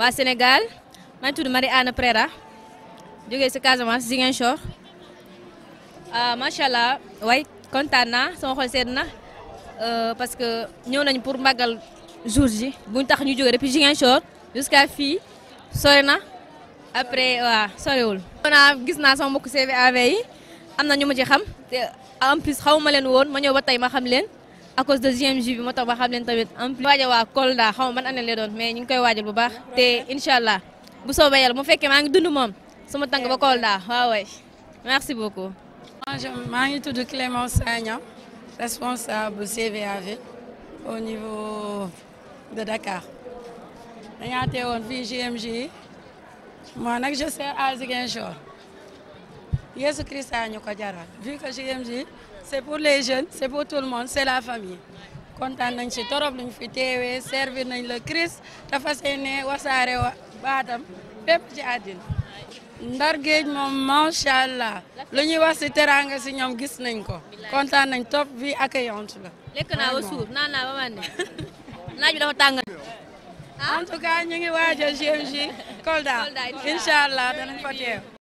waa Sénégal maa ngi tudd Marie Anne Prera jógee si Casamance Ziguinchor ah, macha allah way kontaan naa sama xol sedd na euh, parce que ñëw nañ pour màggal jour ji buñ tax ñu jógee depuis Ziguinchor jusqu'à fii sori na après waaw soriwul. naa gis naa sama mbokk CVAV yi am ñu ma ci xam en plus xaw ma ba ma xam à cause de GMJ bi moo tax ba xam leen tamit en plus waaja waa Kolda xaw ma ban année lay doon mais ñu ngi koy wadjal bu baax te inshallah bu soobee yàlla bu fekkee maa ngi dund mom sama tang ba Kolda wa waay merci beaucoup. bonjour maa ngi tudd clément Sagna responsable CVAV au niveau de Dakar dañaa teewoon fi GMJ moi nak je sais à Ziguinchor Jésus Christ a ñu ko jaral vu que JMJ c'est pour les jeunes c'est pour tout le monde c'est la famille kontaan nañ ci torop luñ fi teewee servir nañ le Christ dafa seene wasaare wa baatam fépp ci àddina ndar géej moom macha allah lu ñuy wax ci teraanga si ñoom gis nañ ko kontaan nañ top vie accueillante la. lekk naa ba suur naan naa ba màndi naaj bi dafa tàng. en tout ñu ngi waajal JMJ Kolda allah danañ fa teew.